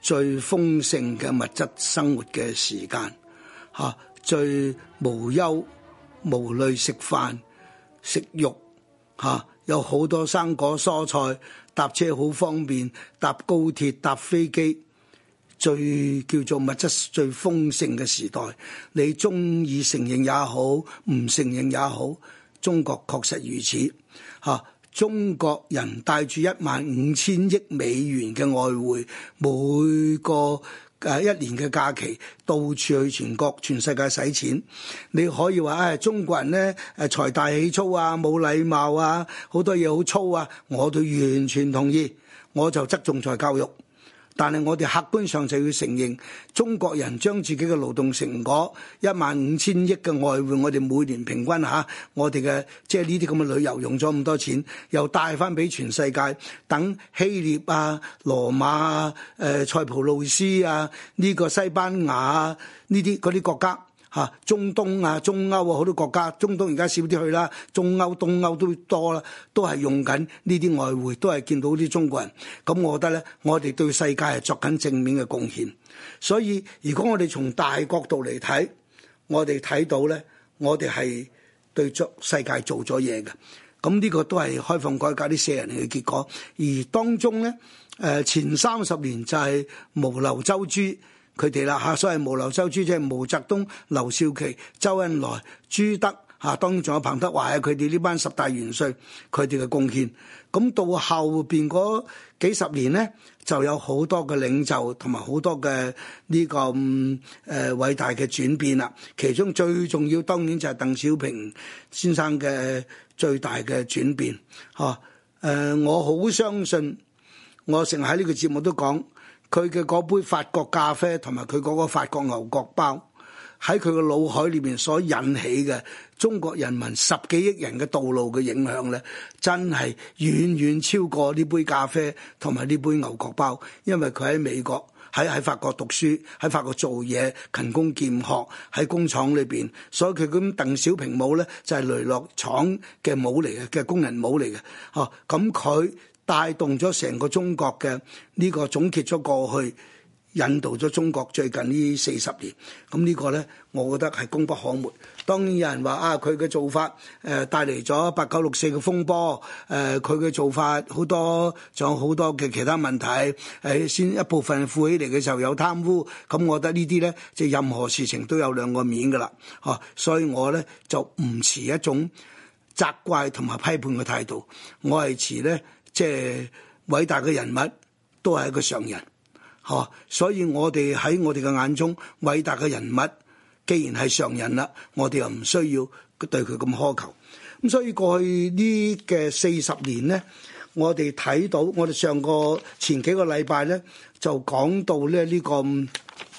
最豐盛嘅物質生活嘅時間，嚇最無憂無慮食飯食肉，嚇、啊、有好多生果蔬菜，搭車好方便，搭高鐵搭飛機，最叫做物質最豐盛嘅時代。你鍾意承認也好，唔承認也好，中國確實如此，嚇、啊。中國人帶住一萬五千億美元嘅外匯，每個誒一年嘅假期到處去，全國全世界使錢，你可以話誒、哎、中國人咧誒財大氣粗啊，冇禮貌啊，好多嘢好粗啊，我都完全同意，我就側重在教育。但係我哋客觀上就要承認，中國人將自己嘅勞動成果一萬五千億嘅外匯，我哋每年平均吓，我哋嘅即係呢啲咁嘅旅遊用咗咁多錢，又帶翻俾全世界，等希臘啊、羅馬啊、誒、呃、塞浦路斯啊、呢、呢個西班牙啊呢啲嗰啲國家。嚇，中東啊、中歐啊，好多國家，中東而家少啲去啦，中歐、東歐都多啦，都係用緊呢啲外匯，都係見到啲中國人。咁我覺得咧，我哋對世界係作緊正面嘅貢獻。所以如果我哋從大角度嚟睇，我哋睇到咧，我哋係對住世界做咗嘢嘅。咁呢個都係開放改革呢四人嚟嘅結果。而當中咧，誒前三十年就係毛劉周朱。佢哋啦嚇，所謂毛劉周朱，即係毛澤東、劉少奇、周恩來、朱德嚇，當然仲有彭德懷啊，佢哋呢班十大元帥，佢哋嘅貢獻。咁到後邊嗰幾十年呢，就有好多嘅領袖同埋好多嘅呢、呢個誒、呃、偉大嘅轉變啦。其中最重要，當然就係鄧小平先生嘅最大嘅轉變。嚇、啊、誒、呃，我好相信，我成日喺呢個節目都講。佢嘅嗰杯法國咖啡同埋佢嗰個法國牛角包，喺佢嘅腦海裏邊所引起嘅中國人民十幾億人嘅道路嘅影響咧，真係遠遠超過呢杯咖啡同埋呢杯牛角包。因為佢喺美國，喺喺法國讀書，喺法國做嘢勤工儉學，喺工廠裏邊，所以佢咁鄧小平帽咧就係雷諾廠嘅帽嚟嘅，嘅工人帽嚟嘅，嚇咁佢。帶動咗成個中國嘅呢個總結咗過去，引導咗中國最近呢四十年，咁呢個呢，我覺得係功不可沒。當然有人話啊，佢嘅做法誒、呃、帶嚟咗八九六四嘅風波，誒佢嘅做法好多仲有好多嘅其他問題，誒、哎、先一部分富起嚟嘅時候有貪污，咁我覺得呢啲呢，即任何事情都有兩個面噶啦，呵、啊，所以我呢，就唔持一種責怪同埋批判嘅態度，我係持呢。即係偉大嘅人物，都係一個常人，嚇。所以我哋喺我哋嘅眼中，偉大嘅人物既然係常人啦，我哋又唔需要對佢咁苛求。咁所以過去呢嘅四十年咧，我哋睇到，我哋上個前幾個禮拜咧就講到咧、這、呢個誒、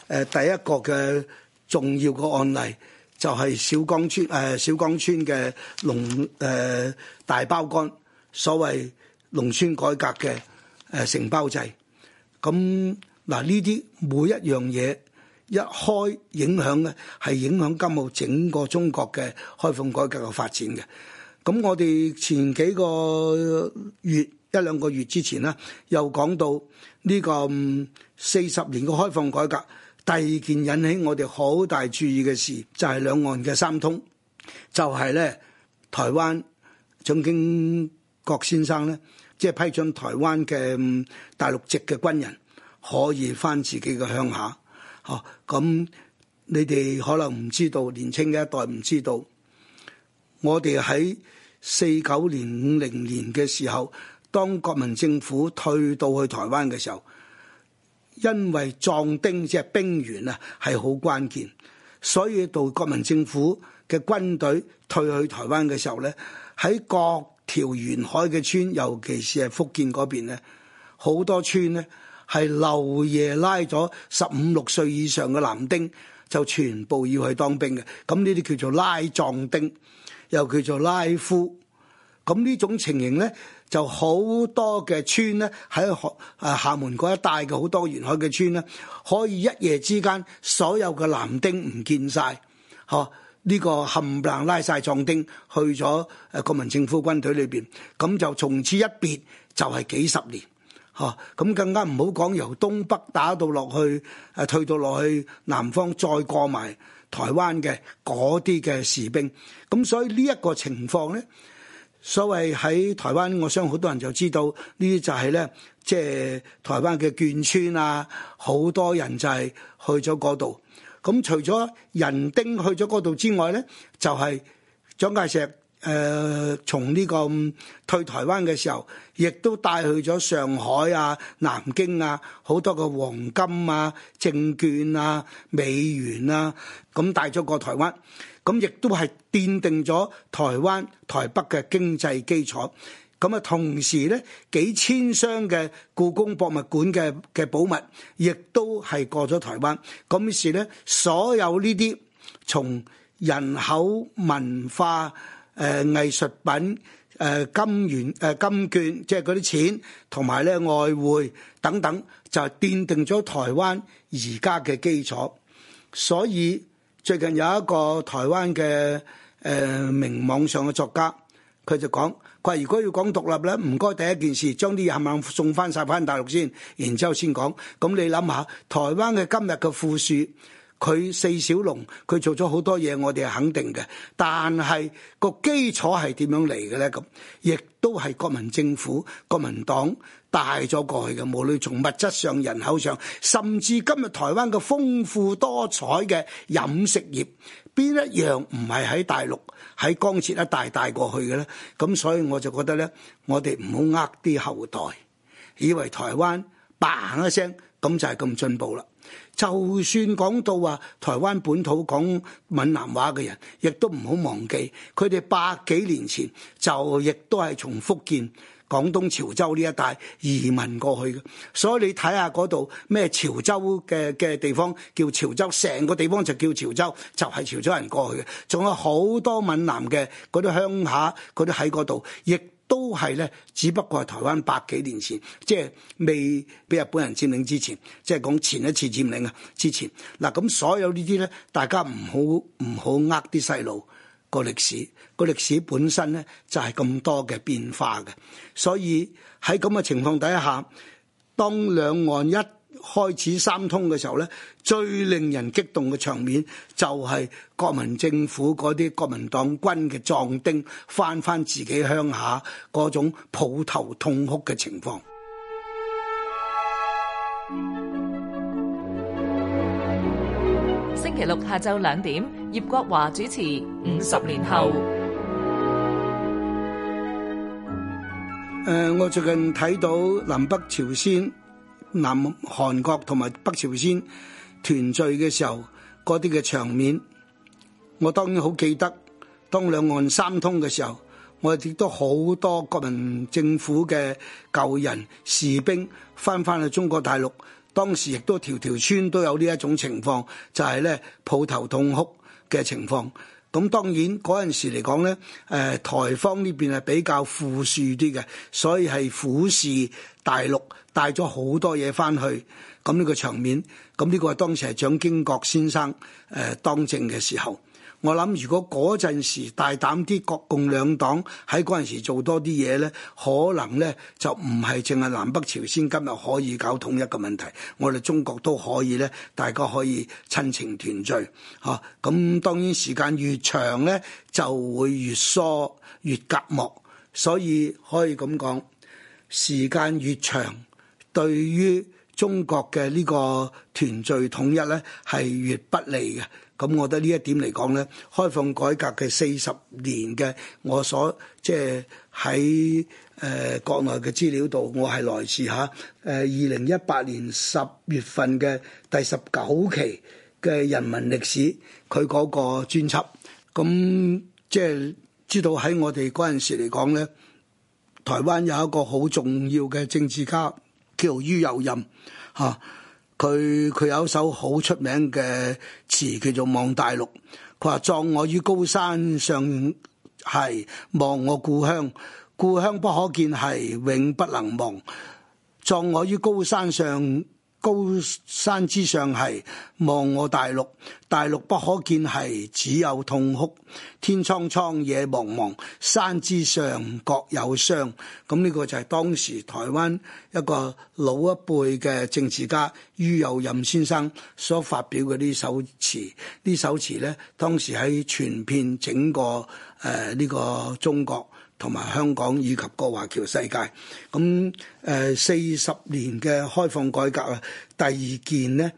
呃、第一個嘅重要嘅案例，就係、是、小江村誒、呃、小崗村嘅農誒大包乾，所謂。農村改革嘅誒承包制，咁嗱呢啲每一樣嘢一開影響咧，係影響今後整個中國嘅開放改革嘅發展嘅。咁、嗯、我哋前幾個月一兩個月之前咧，又講到呢、這個四十、嗯、年嘅開放改革第二件引起我哋好大注意嘅事，就係、是、兩岸嘅三通，就係、是、咧台灣總經國先生咧。即係批准台灣嘅大陸籍嘅軍人可以翻自己嘅鄉下，嚇。咁你哋可能唔知道，年青嘅一代唔知道。我哋喺四九年、五零年嘅時候，當國民政府退到去台灣嘅時候，因為壯丁即係兵員啊，係好關鍵。所以到國民政府嘅軍隊退去台灣嘅時候咧，喺各條沿海嘅村，尤其是係福建嗰邊咧，好多村咧係漏夜拉咗十五六歲以上嘅男丁，就全部要去當兵嘅。咁呢啲叫做拉壯丁，又叫做拉夫。咁呢種情形咧，就好多嘅村咧喺學誒廈門嗰一帶嘅，好多沿海嘅村咧，可以一夜之間所有嘅男丁唔見晒。嚇。呢個冚唪唥拉晒壯丁去咗誒國民政府軍隊裏邊，咁就從此一別就係幾十年，嚇！咁更加唔好講由東北打到落去，誒退到落去南方再過埋台灣嘅嗰啲嘅士兵，咁所以呢一個情況呢，所謂喺台灣，我相信好多人就知道呢啲就係呢，即係台灣嘅眷村啊，好多人就係去咗嗰度。咁除咗人丁去咗嗰度之外咧，就係蔣介石誒從呢個退台灣嘅時候，亦都帶去咗上海啊、南京啊好多嘅黃金啊、證券啊、美元啊，咁帶咗過台灣，咁亦都係奠定咗台灣台北嘅經濟基礎。咁啊，同時咧幾千箱嘅故宮博物館嘅嘅寶物，亦都係過咗台灣。咁於是咧，所有呢啲從人口文化、誒、呃、藝術品、誒、呃、金圓、誒、呃、金券，即係嗰啲錢同埋咧外匯等等，就奠定咗台灣而家嘅基礎。所以最近有一個台灣嘅誒、呃、名網上嘅作家。佢就講，佢話如果要講獨立咧，唔該第一件事將啲嘢冚唪唥送翻晒翻大陸先，然之後先講。咁你諗下，台灣嘅今日嘅富庶。佢四小龍佢做咗好多嘢，我哋係肯定嘅。但係個基礎係點樣嚟嘅咧？咁亦都係國民政府、國民黨帶咗過去嘅。無論從物質上、人口上，甚至今日台灣嘅豐富多彩嘅飲食業邊一樣唔係喺大陸，喺江浙一帶帶過去嘅咧？咁所以我就覺得咧，我哋唔好呃啲後代，以為台灣嘭一聲，咁就係咁進步啦。就算講到話台灣本土講閩南話嘅人，亦都唔好忘記，佢哋百幾年前就亦都係從福建、廣東潮州呢一帶移民過去嘅。所以你睇下嗰度咩潮州嘅嘅地方叫潮州，成個地方就叫潮州，就係潮州人過去嘅。仲有好多閩南嘅嗰啲鄉下，嗰啲喺嗰度亦，都係咧，只不過係台灣百幾年前，即係未俾日本人佔領之前，即係講前一次佔領啊，之前。嗱，咁所有呢啲咧，大家唔好唔好呃啲細路個歷史，個歷史本身咧就係咁多嘅變化嘅。所以喺咁嘅情況底下，當兩岸一開始三通嘅時候咧，最令人激動嘅場面就係國民政府嗰啲國民黨軍嘅壯丁返返自己鄉下嗰種抱頭痛哭嘅情況。星期六下晝兩點，葉國華主持《五十年後》年後。誒、呃，我最近睇到南北朝鮮。南韓國同埋北朝鮮團聚嘅時候，嗰啲嘅場面，我當然好記得。當兩岸三通嘅時候，我哋亦都好多國民政府嘅舊人士兵翻返去中國大陸。當時亦都條條村都有呢一種情況，就係咧抱頭痛哭嘅情況。咁當然嗰陣時嚟講咧，誒、呃、台方呢邊係比較富庶啲嘅，所以係俯視大陸，帶咗好多嘢翻去。咁呢個場面，咁呢個係當時係蔣經國先生誒、呃、當政嘅時候。我諗如果嗰陣時大膽啲，國共兩黨喺嗰陣時做多啲嘢呢，可能呢就唔係淨係南北朝鮮今日可以搞統一嘅問題，我哋中國都可以呢，大家可以親情團聚吓。咁當然時間越長呢，就會越疏越隔膜，所以可以咁講，時間越長對於中國嘅呢個團聚統一呢係越不利嘅，咁我覺得呢一點嚟講呢，開放改革嘅四十年嘅我所即係喺誒國內嘅資料度，我係來自嚇誒二零一八年十月份嘅第十九期嘅《人民歷史》，佢嗰個專輯，咁即係知道喺我哋嗰陣時嚟講呢，台灣有一個好重要嘅政治家。叫于右任，吓，佢、啊、佢有一首好出名嘅詞叫做《望大陸》，佢話：葬我於高山上，係望我故鄉，故鄉不可見，係永不能忘。葬我於高山上。高山之上係望我大陸，大陸不可見係只有痛哭，天蒼蒼野茫茫，山之上國有傷。咁呢個就係當時台灣一個老一輩嘅政治家于右任先生所發表嘅呢首詞。呢首詞呢，當時喺傳遍整個誒呢、呃這個中國。同埋香港以及個華僑世界，咁誒四十年嘅開放改革啊，第二件呢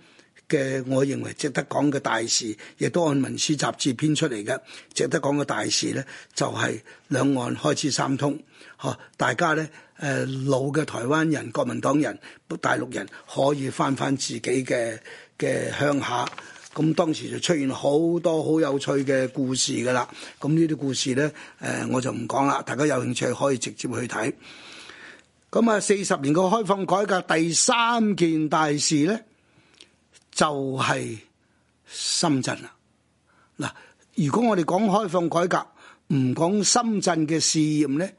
嘅，我認為值得講嘅大事，亦都按《文史雜誌》編出嚟嘅，值得講嘅大事呢，就係、是、兩岸開始三通，嚇大家呢，誒、呃、老嘅台灣人、國民黨人、大陸人可以翻返自己嘅嘅鄉下。咁當時就出現好多好有趣嘅故事㗎啦。咁呢啲故事呢，誒我就唔講啦，大家有興趣可以直接去睇。咁啊，四十年嘅開放改革第三件大事呢，就係深圳啦。嗱，如果我哋講開放改革，唔講深圳嘅事業呢，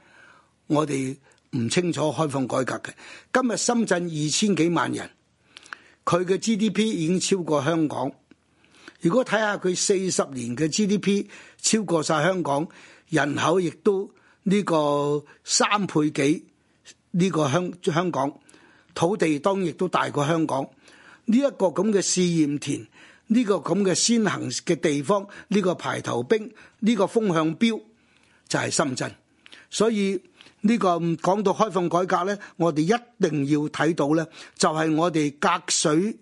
我哋唔清楚開放改革嘅。今日深圳二千幾萬人，佢嘅 GDP 已經超過香港。如果睇下佢四十年嘅 GDP，超過曬香港，人口亦都呢個三倍幾，呢個香香港土地當然亦都大過香港，呢一個咁嘅試驗田，呢個咁嘅先行嘅地方，呢個排頭兵，呢個風向標就係深圳。所以呢個講到開放改革咧，我哋一定要睇到咧，就係我哋隔水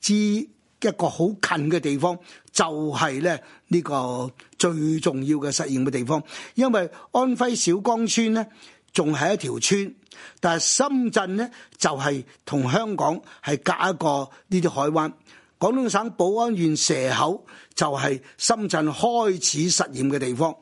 之。一個好近嘅地方，就係咧呢個最重要嘅實驗嘅地方，因為安徽小崗村呢，仲係一條村，但係深圳呢，就係、是、同香港係隔一個呢啲海灣，廣東省寶安縣蛇口就係深圳開始實驗嘅地方，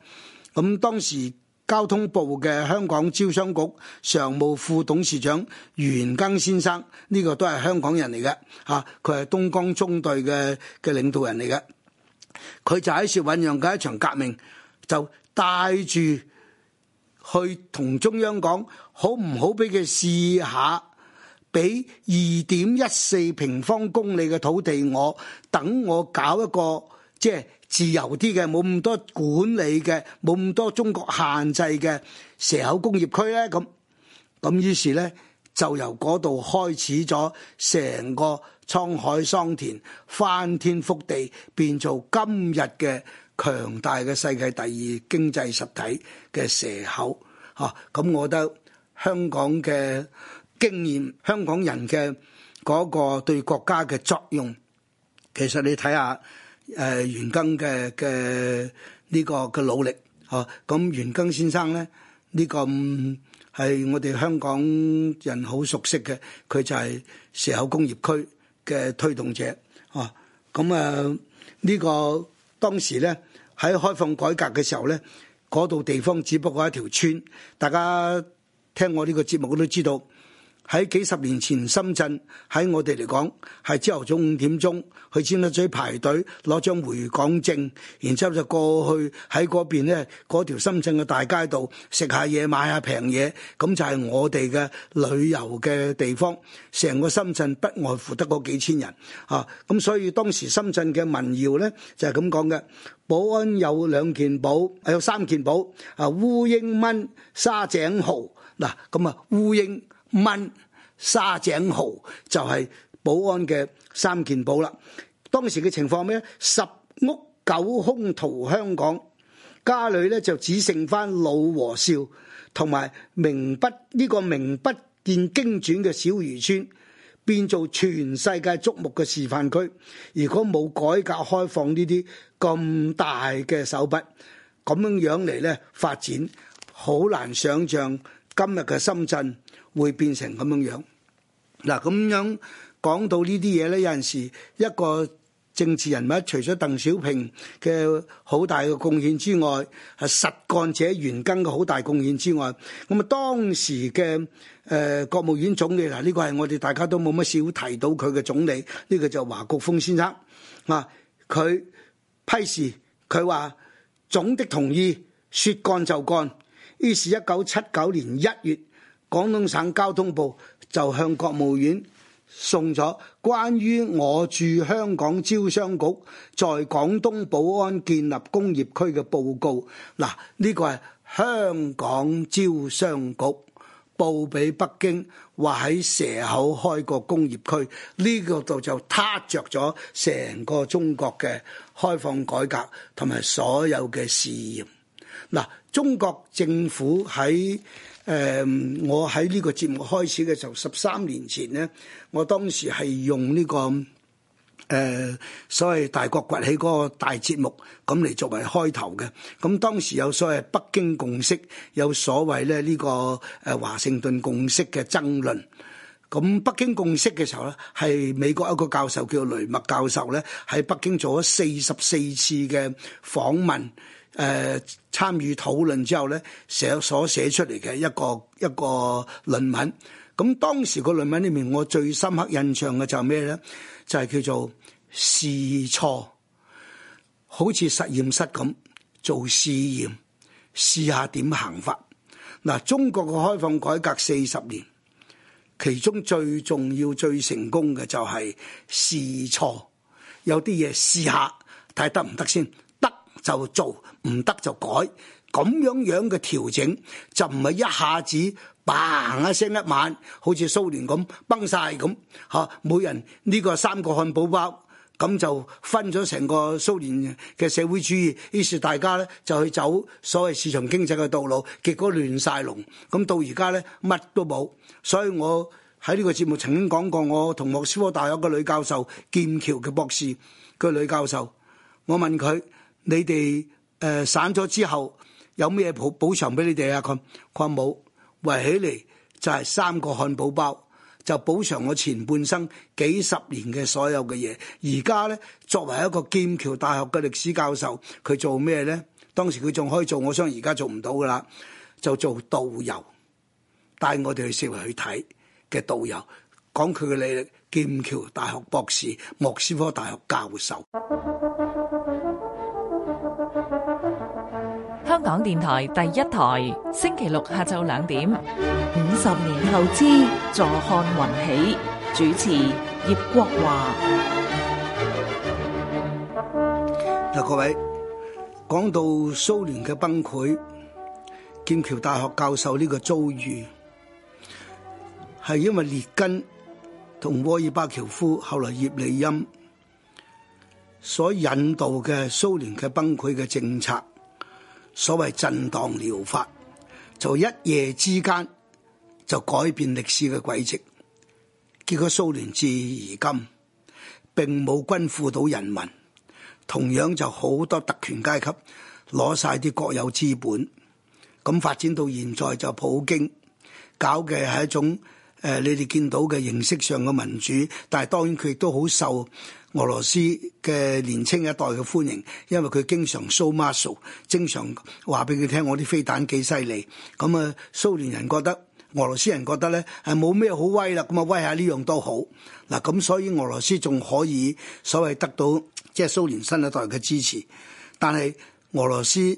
咁、嗯、當時。交通部嘅香港招商局常務副董事長袁庚先生，呢個都係香港人嚟嘅，吓佢係東江中隊嘅嘅領導人嚟嘅，佢就喺度醞釀緊一場革命，就帶住去同中央講，好唔好俾佢試下，俾二點一四平方公里嘅土地我，等我搞一個。即係自由啲嘅，冇咁多管理嘅，冇咁多中國限制嘅蛇口工業區呢，咁咁於是呢，就由嗰度開始咗成個滄海桑田、翻天覆地，變做今日嘅強大嘅世界第二經濟實體嘅蛇口。嚇、啊，咁我覺得香港嘅經驗，香港人嘅嗰個對國家嘅作用，其實你睇下。誒、呃、袁庚嘅嘅呢個嘅努力哦，咁、呃、袁庚先生咧呢、呢個係我哋香港人好熟悉嘅，佢就係蛇口工業區嘅推動者哦。咁啊，呢、呢個當時咧喺開放改革嘅時候咧，嗰、那、度、個、地方只不過一條村，大家聽我呢個節目，都知道。喺幾十年前深圳，喺我哋嚟講係朝頭早五點鐘去尖沙咀排隊攞張回港證，然之後就過去喺嗰邊咧，嗰條深圳嘅大街度食下嘢、買下平嘢，咁就係我哋嘅旅遊嘅地方。成個深圳不外乎得嗰幾千人嚇，咁、啊、所以當時深圳嘅民謠咧就係咁講嘅：寶安有兩件寶，啊，有三件寶啊，烏蠅蚊、沙井蠔嗱，咁啊烏蠅。蚊、沙井蠔就係、是、寶安嘅三件寶啦。當時嘅情況咩？十屋九空逃香港，家裏咧就只剩返老和少，同埋名不呢、這個名不見經傳嘅小漁村，變做全世界矚目嘅示範區。如果冇改革開放這這呢啲咁大嘅手筆，咁樣樣嚟咧發展，好難想象。今日嘅深圳會變成咁樣樣，嗱咁樣講到呢啲嘢呢，有陣時一個政治人物除咗鄧小平嘅好大嘅貢獻之外，係實幹者原根嘅好大貢獻之外，咁啊當時嘅誒、呃、國務院總理嗱，呢、啊這個係我哋大家都冇乜少提到佢嘅總理，呢、這個就係華國鋒先生啊，佢批示佢話總的同意，説幹就幹。於是，一九七九年一月，廣東省交通部就向國務院送咗關於我駐香港招商局在廣東寶安建立工業區嘅報告。嗱，呢、這個係香港招商局報俾北京，話喺蛇口開個工業區。呢、這個度就撻着咗成個中國嘅開放改革同埋所有嘅事業。嗱，中國政府喺誒，我喺呢個節目開始嘅時候，十三年前咧，我當時係用呢個誒所謂大國崛起嗰個大節目咁嚟作為開頭嘅。咁當時有所謂北京共識，有所謂咧呢個誒華盛頓共識嘅爭論。咁北京共識嘅時候咧，係美國一個教授叫雷默教授咧，喺北京做咗四十四次嘅訪問。誒、呃、參與討論之後咧，寫所寫出嚟嘅一個一個論文。咁當時個論文裏面我最深刻印象嘅就係咩咧？就係、是、叫做試錯，好似實驗室咁做試驗，試下點行法。嗱、啊，中國嘅開放改革四十年，其中最重要、最成功嘅就係、是、試錯。有啲嘢試下睇得唔得先。看看行就做唔得就改，咁樣樣嘅調整就唔係一下子，嘭一聲一晚，好似蘇聯咁崩晒咁吓，每人呢個三個漢堡包，咁就分咗成個蘇聯嘅社會主義，於是大家呢就去走所謂市場經濟嘅道路，結果亂晒龍，咁到而家呢乜都冇。所以我喺呢個節目曾經講過，我同莫斯科大學嘅女教授劍橋嘅博士，個女教授，我問佢。你哋誒、呃、散咗之後有咩補補償俾你哋啊？佢佢話冇圍起嚟就係三個漢堡包，就補償我前半生幾十年嘅所有嘅嘢。而家呢，作為一個劍橋大學嘅歷史教授，佢做咩呢？當時佢仲可以做，我想而家做唔到噶啦，就做導遊帶我哋去四圍去睇嘅導遊，講佢嘅履歷，劍橋大學博士，莫斯科大學教授。香港電台第一台，星期六下晝兩點。五十年後之，坐看雲起。主持葉國華。嗱，各位，講到蘇聯嘅崩潰，劍橋大學教授呢個遭遇，係因為列根同戈爾巴喬夫後來葉利欽所引導嘅蘇聯嘅崩潰嘅政策。所謂震盪療法，就一夜之間就改變歷史嘅軌跡，結果蘇聯至而今並冇均富到人民，同樣就好多特權階級攞晒啲國有資本，咁發展到現在就普京搞嘅係一種。誒、呃，你哋見到嘅形式上嘅民主，但係當然佢亦都好受俄羅斯嘅年青一代嘅歡迎，因為佢經常 show muscle，經常話俾佢聽我啲飛彈幾犀利。咁、嗯、啊，蘇聯人覺得，俄羅斯人覺得咧係冇咩好威啦。咁、嗯、啊，威下呢樣都好。嗱、嗯，咁、嗯、所以俄羅斯仲可以所謂得到即係、就是、蘇聯新一代嘅支持，但係俄羅斯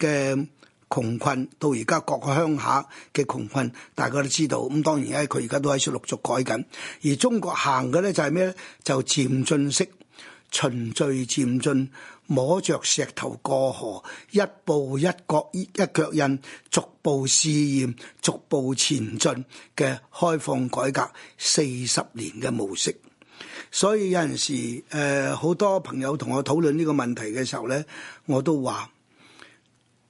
嘅。窮困到而家各個鄉下嘅窮困，大家都知道。咁當然咧，佢而家都喺度陸續改緊。而中國行嘅咧就係咩咧？就漸進式循序漸進，摸着石頭過河，一步一腳一腳印，逐步試驗，逐步前進嘅開放改革四十年嘅模式。所以有陣時誒、呃、好多朋友同我討論呢個問題嘅時候咧，我都話。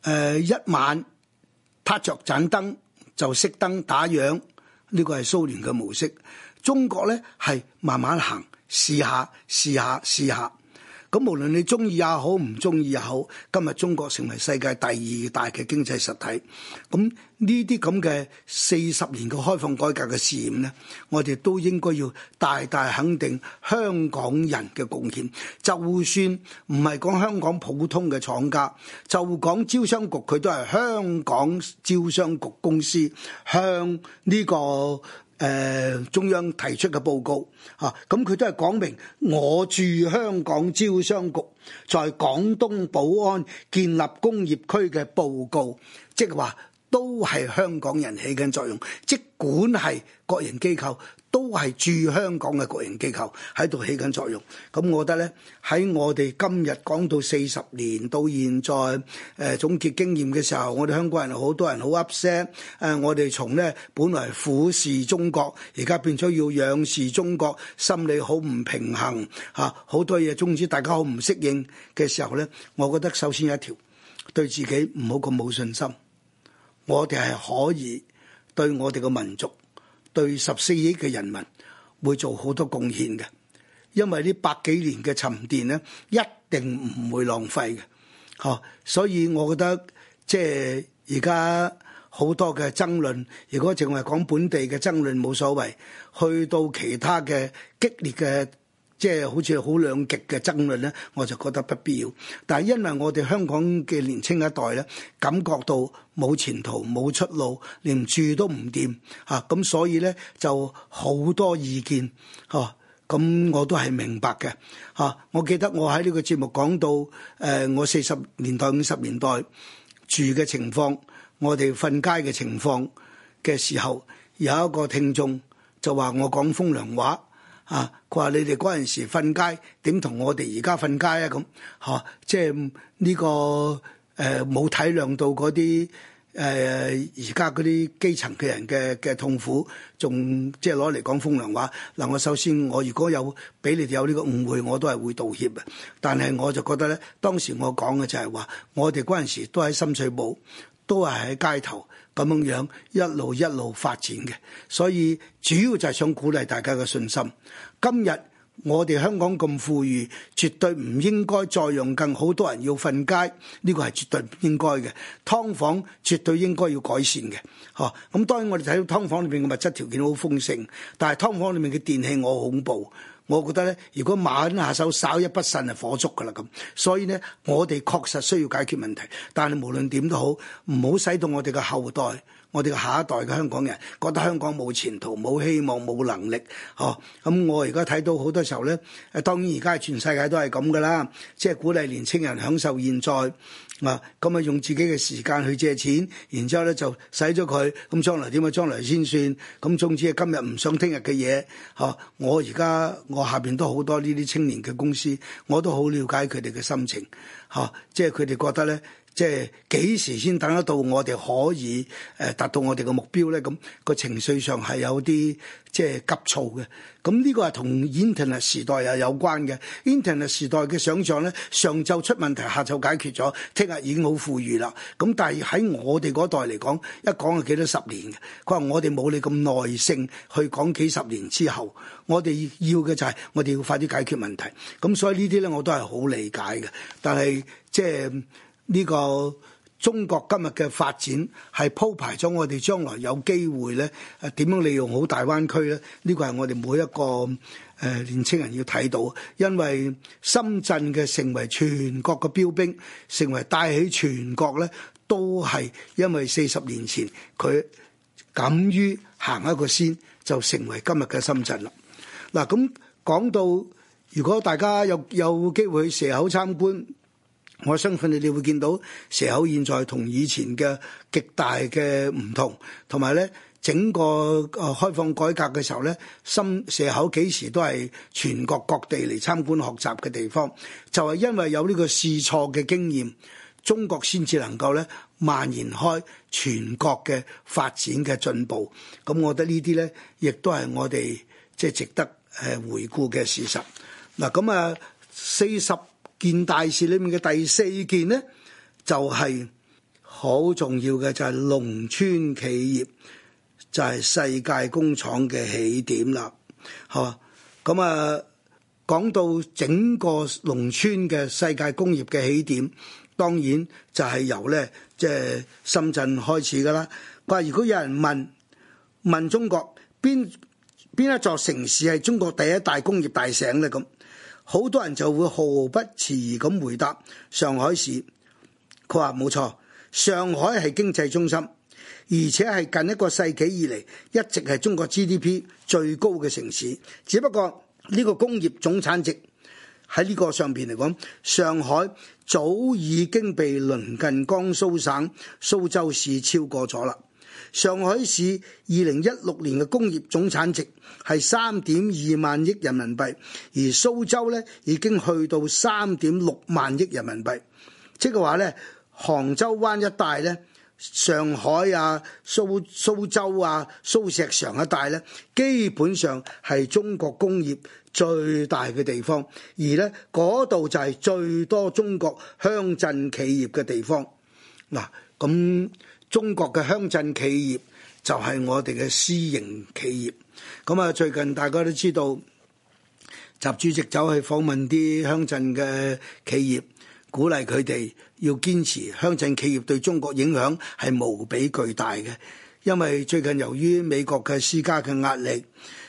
誒、呃、一晚他着盞燈就熄燈打烊，呢、這個係蘇聯嘅模式。中國咧係慢慢行，試下試下試下。試咁無論你中意也好，唔中意也好，今日中國成為世界第二大嘅經濟實體，咁呢啲咁嘅四十年嘅開放改革嘅試驗呢，我哋都應該要大大肯定香港人嘅貢獻。就算唔係講香港普通嘅廠家，就講招商局，佢都係香港招商局公司向呢個。誒，中央提出嘅報告嚇，咁，啊，佢都係講明我駐香港招商局在廣東寶安建立工業區嘅報告，即係話。都係香港人起緊作用，即管係國營機構，都係駐香港嘅國營機構喺度起緊作用。咁我覺得呢，喺我哋今日講到四十年到現在，誒、呃、總結經驗嘅時候，我哋香港人好多人好 upset。誒、呃，我哋從呢本來俯視中國，而家變咗要仰視中國，心理好唔平衡吓，好、啊、多嘢總之大家好唔適應嘅時候呢，我覺得首先一條，對自己唔好咁冇信心。我哋係可以對我哋嘅民族、對十四億嘅人民，會做好多貢獻嘅，因為呢百幾年嘅沉澱咧，一定唔會浪費嘅，嚇。所以我覺得即係而家好多嘅爭論，如果淨係講本地嘅爭論冇所謂，去到其他嘅激烈嘅。即係好似好兩極嘅爭論咧，我就覺得不必要。但係因為我哋香港嘅年青一代咧，感覺到冇前途、冇出路，連住都唔掂嚇，咁所以咧就好多意見嚇。咁我都係明白嘅嚇。我記得我喺呢個節目講到誒我四十年代、五十年代住嘅情況，我哋瞓街嘅情況嘅時候，有一個聽眾就話我講風涼話。啊！佢話你哋嗰陣時瞓街點同我哋而家瞓街啊？咁嚇、這個，即係呢個誒冇體諒到嗰啲誒而家嗰啲基層嘅人嘅嘅痛苦，仲即係攞嚟講風涼話。嗱，我首先我如果有俾你哋有呢個誤會，我都係會道歉嘅。但係我就覺得咧，當時我講嘅就係話，我哋嗰陣時都喺深水埗，都係喺街頭。咁樣一路一路發展嘅，所以主要就係想鼓勵大家嘅信心。今日我哋香港咁富裕，絕對唔應該再用更好多人要瞓街，呢、這個係絕對唔應該嘅。劏房絕對應該要改善嘅，嚇、啊。咁當然我哋睇到劏房裏面嘅物質條件好豐盛，但係劏房裏面嘅電器我好恐怖。我覺得咧，如果晚下手，稍一不慎就火燭噶啦，咁，所以咧，我哋確實需要解決問題。但係無論點都好，唔好使到我哋嘅後代，我哋嘅下一代嘅香港人覺得香港冇前途、冇希望、冇能力。哦，咁、嗯、我而家睇到好多時候咧，當然而家係全世界都係咁噶啦，即係鼓勵年青人享受現在。啊！咁咪、嗯、用自己嘅時間去借錢，然之後咧就使咗佢，咁、嗯、將來點啊？將來先算。咁、嗯、總之係今日唔想聽日嘅嘢。嚇、哦！我而家我下邊都好多呢啲青年嘅公司，我都好了解佢哋嘅心情。嚇、哦！即係佢哋覺得咧。即係幾時先等得到我哋可以誒達到我哋嘅目標咧？咁個情緒上係有啲即係急躁嘅。咁呢個係同 Internet 時代又有關嘅。Internet 時代嘅想象咧，上晝出問題，下晝解決咗，聽日已經好富裕啦。咁但係喺我哋嗰代嚟講，一講係幾多十年嘅。佢話我哋冇你咁耐性去講幾十年之後，我哋要嘅就係我哋要快啲解決問題。咁所以呢啲咧我都係好理解嘅，但係即係。呢個中國今日嘅發展係鋪排咗我哋將來有機會咧，誒點樣利用好大灣區咧？呢、呢個係我哋每一個誒、呃、年青人要睇到，因為深圳嘅成為全國嘅標兵，成為帶起全國咧，都係因為四十年前佢敢於行一個先，就成為今日嘅深圳啦。嗱，咁講到如果大家有有機會去蛇口參觀，我相信你哋會見到蛇口現在同以前嘅極大嘅唔同，同埋咧整個誒開放改革嘅時候咧，深蛇口幾時都係全國各地嚟參觀學習嘅地方，就係因為有呢個試錯嘅經驗，中國先至能夠咧蔓延開全國嘅發展嘅進步。咁我覺得呢啲咧，亦都係我哋即係值得誒回顧嘅事實。嗱，咁啊，四十。件大事裏面嘅第四件咧，就係、是、好重要嘅，就係、是、農村企業就係、是、世界工廠嘅起點啦，嚇！咁、嗯、啊，講到整個農村嘅世界工業嘅起點，當然就係由咧即係深圳開始噶啦。佢話：如果有人問問中國邊邊一座城市係中國第一大工業大省咧，咁？好多人就會毫不遲疑咁回答上海市，佢話冇錯，上海係經濟中心，而且係近一個世紀以嚟一直係中國 GDP 最高嘅城市。只不過呢個工業總產值喺呢個上邊嚟講，上海早已經被鄰近江蘇省蘇州市超過咗啦。上海市二零一六年嘅工業總產值係三點二萬億人民幣，而蘇州咧已經去到三點六萬億人民幣。即係話咧，杭州灣一帶咧，上海啊、蘇蘇州啊、蘇錫常一帶咧，基本上係中國工業最大嘅地方，而咧嗰度就係最多中國鄉鎮企業嘅地方。嗱，咁。中國嘅鄉鎮企業就係我哋嘅私營企業，咁啊最近大家都知道，習主席走去訪問啲鄉鎮嘅企業，鼓勵佢哋要堅持鄉鎮企業對中國影響係無比巨大嘅。因為最近由於美國嘅施加嘅壓力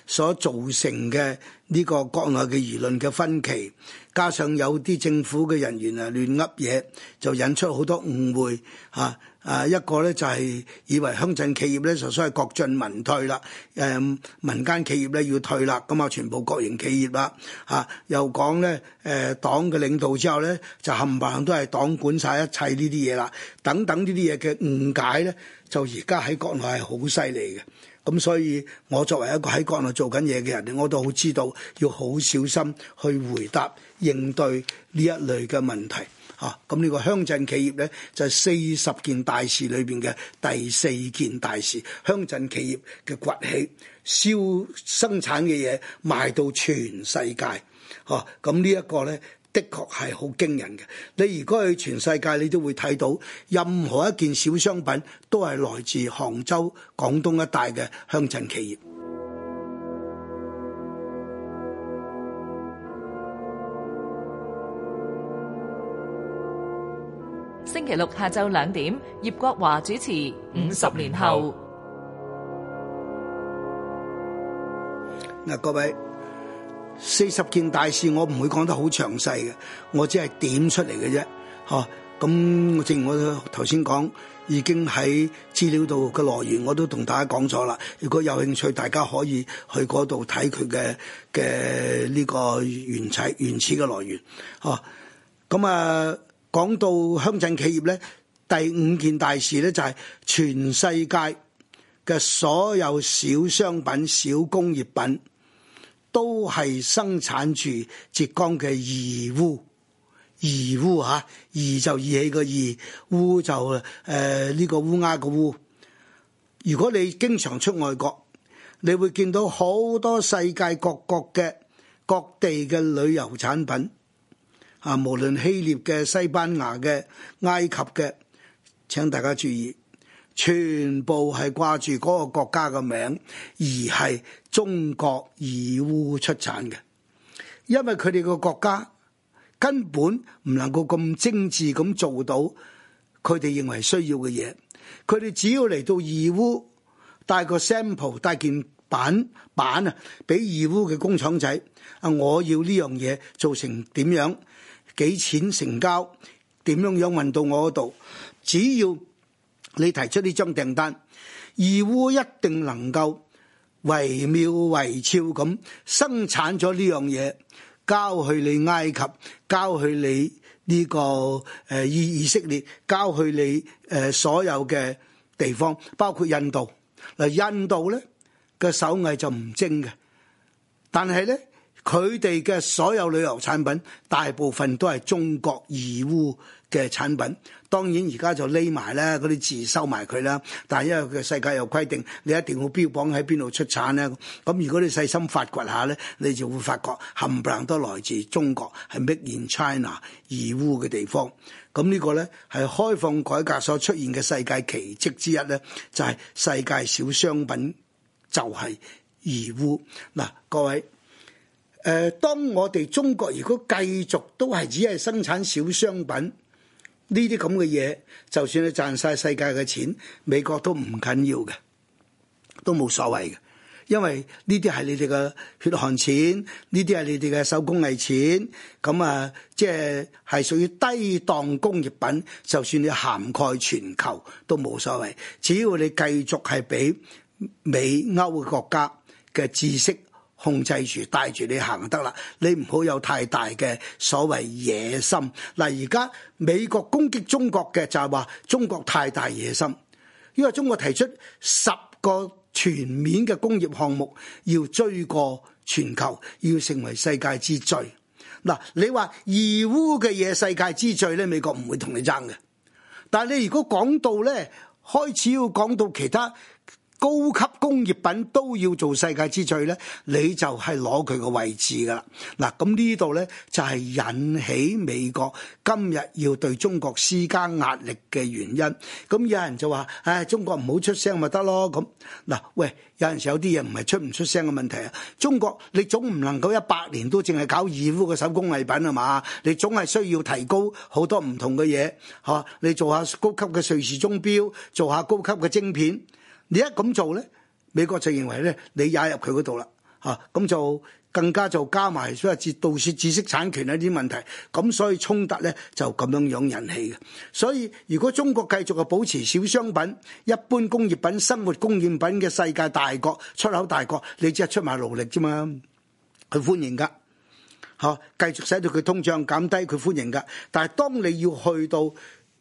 所造成嘅呢個國外嘅輿論嘅分歧，加上有啲政府嘅人員啊亂噏嘢，就引出好多誤會嚇。啊誒一個咧就係以為鄉鎮企業咧，實質係國進民退啦。誒民間企業咧要退啦，咁啊全部國營企業啦。嚇、啊、又講咧誒黨嘅領導之後咧，就冚唪唥都係黨管晒一切呢啲嘢啦。等等呢啲嘢嘅誤解咧，就而家喺國內係好犀利嘅。咁所以我作為一個喺國內做緊嘢嘅人，我都好知道要好小心去回答應對呢一類嘅問題。啊！咁呢個鄉鎮企業咧，就係四十件大事裏邊嘅第四件大事，鄉鎮企業嘅崛起，燒生產嘅嘢賣到全世界。嚇、啊！咁呢一個咧，的確係好驚人嘅。你如果去全世界，你都會睇到任何一件小商品都係來自杭州、廣東一帶嘅鄉鎮企業。星期六下晝兩點，葉國華主持《五十年後》。嗱，各位，四十件大事我唔會講得好詳細嘅，我只係點出嚟嘅啫。嗬、啊，咁正如我頭先講，已經喺資料度嘅來源，我都同大家講咗啦。如果有興趣，大家可以去嗰度睇佢嘅嘅呢個原始原始嘅來源。嗬，咁啊。講到鄉鎮企業咧，第五件大事咧就係全世界嘅所有小商品、小工業品都係生產住浙江嘅義烏。義烏吓，義就義氣嘅義，烏就誒呢、呃這個烏鴉嘅烏。如果你經常出外國，你會見到好多世界各國嘅各地嘅旅遊產品。啊，無論希臘嘅、西班牙嘅、埃及嘅，請大家注意，全部係掛住嗰個國家嘅名，而係中國義烏出產嘅，因為佢哋個國家根本唔能夠咁精緻咁做到佢哋認為需要嘅嘢，佢哋只要嚟到義烏帶個 sample 帶件板板啊，俾義烏嘅工廠仔啊，我要呢樣嘢做成點樣。幾錢成交？點樣樣運到我嗰度？只要你提出呢張訂單，義烏一定能夠惟妙惟肖咁生產咗呢樣嘢，交去你埃及，交去你呢個誒以以色列，交去你誒所有嘅地方，包括印度。嗱，印度咧嘅手藝就唔精嘅，但係咧。佢哋嘅所有旅遊產品，大部分都係中國義烏嘅產品。當然而家就匿埋咧，嗰啲字收埋佢啦。但係因為佢世界又規定，你一定要標榜喺邊度出產咧。咁如果你細心發掘下咧，你就會發覺冚唪唥都來自中國，係 Made in China 義烏嘅地方。咁呢個咧係開放改革所出現嘅世界奇蹟之一咧，就係、是、世界小商品就係義烏嗱，各位。誒，當我哋中國如果繼續都係只係生產小商品，呢啲咁嘅嘢，就算你賺晒世界嘅錢，美國都唔緊要嘅，都冇所謂嘅，因為呢啲係你哋嘅血汗錢，呢啲係你哋嘅手工藝錢，咁啊，即係係屬於低檔工業品，就算你涵蓋全球都冇所謂，只要你繼續係俾美歐嘅國家嘅知識。控制住，帶住你行就得啦。你唔好有太大嘅所謂野心。嗱，而家美國攻擊中國嘅就係話中國太大野心，因為中國提出十個全面嘅工業項目要追過全球，要成為世界之最。嗱，你話義烏嘅嘢世界之最咧，美國唔會同你爭嘅。但係你如果講到咧，開始要講到其他。高級工業品都要做世界之最呢，你就係攞佢個位置噶啦。嗱，咁呢度呢就係引起美國今日要對中國施加壓力嘅原因。咁有人就話，唉，中國唔好出聲咪得咯。咁嗱，喂，有陣時有啲嘢唔係出唔出聲嘅問題啊。中國你總唔能夠一百年都淨係搞義烏嘅手工藝品啊嘛？你總係需要提高好多唔同嘅嘢，嚇你做下高級嘅瑞士鐘錶，做下高級嘅晶片。你一咁做呢，美國就認為呢，你也入佢嗰度啦，嚇咁就更加就加埋即係截盜取知識產權一啲問題，咁所以衝突呢，就咁樣樣引起嘅。所以如果中國繼續係保持小商品、一般工業品、生活供應品嘅世界大國、出口大國，你只係出賣勞力啫嘛，佢歡迎噶嚇，啊，繼續使到佢通脹減低，佢歡迎噶。但係當你要去到，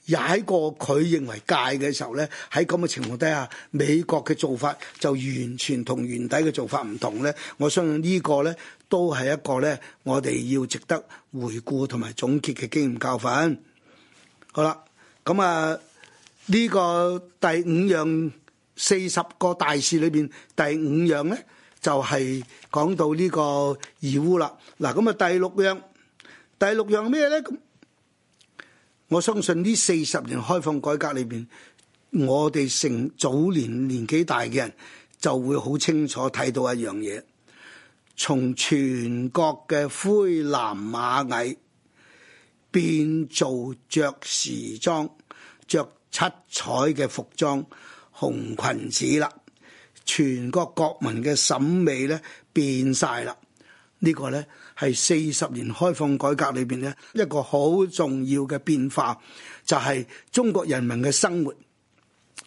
踩過佢認為界嘅時候咧，喺咁嘅情況底下，美國嘅做法就完全同原底嘅做法唔同咧。我相信呢個咧都係一個咧，我哋要值得回顧同埋總結嘅經驗教訓。好啦，咁啊，呢個第五樣四十個大事裏邊第五樣咧，就係講到呢個義烏啦。嗱，咁啊，第六樣，第六樣咩咧？我相信呢四十年開放改革裏邊，我哋成早年年紀大嘅人就會好清楚睇到一樣嘢，從全國嘅灰藍螞蟻變做着時裝、着七彩嘅服裝、紅裙子啦，全國國民嘅審美咧變晒啦，這個、呢個咧。係四十年開放改革裏邊呢，一個好重要嘅變化，就係中國人民嘅生活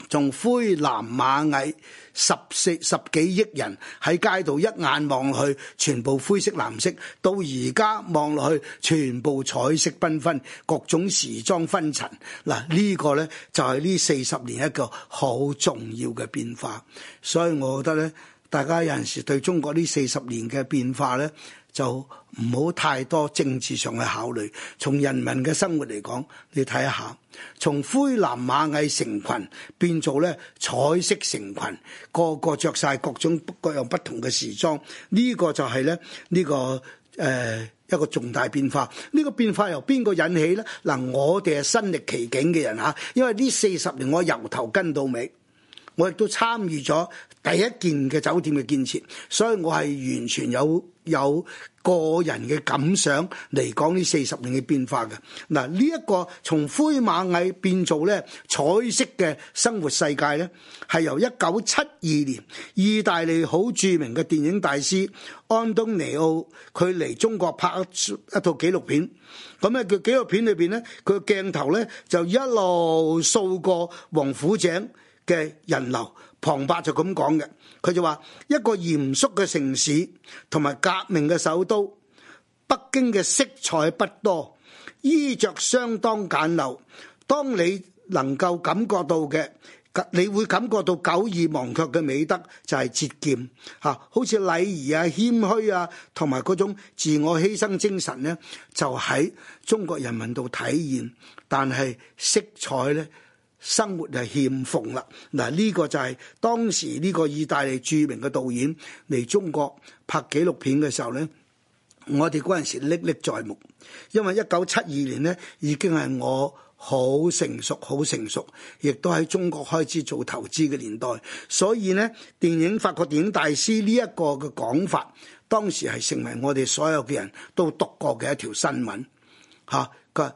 從灰藍馬蟻十四十幾億人喺街道一眼望去，全部灰色藍色，到而家望落去，全部彩色繽紛，各種時裝紛陳。嗱，呢個呢，就係呢四十年一個好重要嘅變化。所以，我覺得呢，大家有陣時對中國呢四十年嘅變化呢。就唔好太多政治上去考慮，從人民嘅生活嚟講，你睇一下，從灰藍螞蟻成群變做咧彩色成群，個個着晒各種各樣不同嘅時裝，呢、這個就係咧呢、這個誒、呃、一個重大變化。呢、這個變化由邊個引起呢？嗱、呃，我哋係身歷其境嘅人嚇、啊，因為呢四十年我由頭跟到尾，我亦都參與咗。第一件嘅酒店嘅建設，所以我係完全有有個人嘅感想嚟講呢四十年嘅變化嘅。嗱，呢一個從灰螞蟻變做咧彩色嘅生活世界咧，係由一九七二年意大利好著名嘅電影大師安東尼奧佢嚟中國拍一套紀錄片。咁咧，佢紀錄片裏邊咧，佢鏡頭咧就一路掃過王府井嘅人流。旁白就咁講嘅，佢就話一個嚴肅嘅城市同埋革命嘅首都北京嘅色彩不多，衣着相當簡陋。當你能夠感覺到嘅，你會感覺到久而忘卻嘅美德就係節儉嚇，好似禮儀啊、謙虛啊，同埋嗰種自我犧牲精神咧，就喺中國人民度體現。但係色彩咧。生活係欠奉啦！嗱，呢個就係當時呢個意大利著名嘅導演嚟中國拍紀錄片嘅時候咧，我哋嗰陣時歷歷在目，因為一九七二年咧已經係我好成熟、好成熟，亦都喺中國開始做投資嘅年代，所以咧電影，法國電影大師呢一個嘅講法，當時係成為我哋所有嘅人都讀過嘅一條新聞吓，佢、啊、話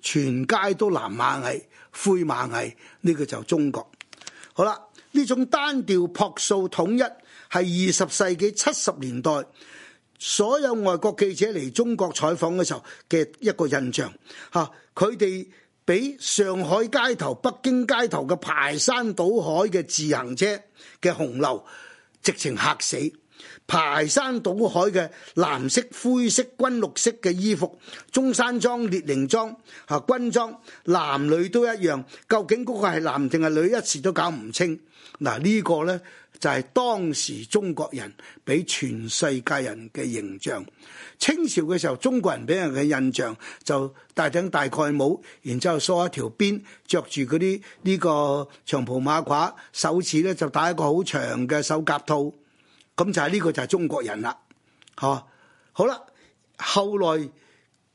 全街都藍螞蟻。灰螞蟻呢個就中國，好啦，呢種單調樸素統一係二十世紀七十年代所有外國記者嚟中國採訪嘅時候嘅一個印象，吓佢哋俾上海街頭、北京街頭嘅排山倒海嘅自行車嘅洪流直情嚇死。排山倒海嘅藍色、灰色、軍綠色嘅衣服，中山裝、列寧裝嚇軍裝，男女都一樣。究竟嗰個係男定係女，一時都搞唔清。嗱呢個呢，就係、是、當時中國人俾全世界人嘅形象。清朝嘅時候，中國人俾人嘅印象就戴頂大蓋帽，然之後梳一條辮，着住嗰啲呢個長袍馬褂，手指呢，就戴一個好長嘅手甲套。咁就係呢個就係中國人啦，嚇好啦。後來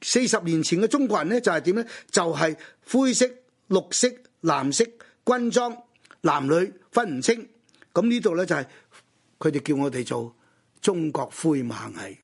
四十年前嘅中國人咧就係點咧？就係、是、灰色、綠色、藍色軍裝，男女分唔清。咁呢度咧就係佢哋叫我哋做中國灰螞蟻。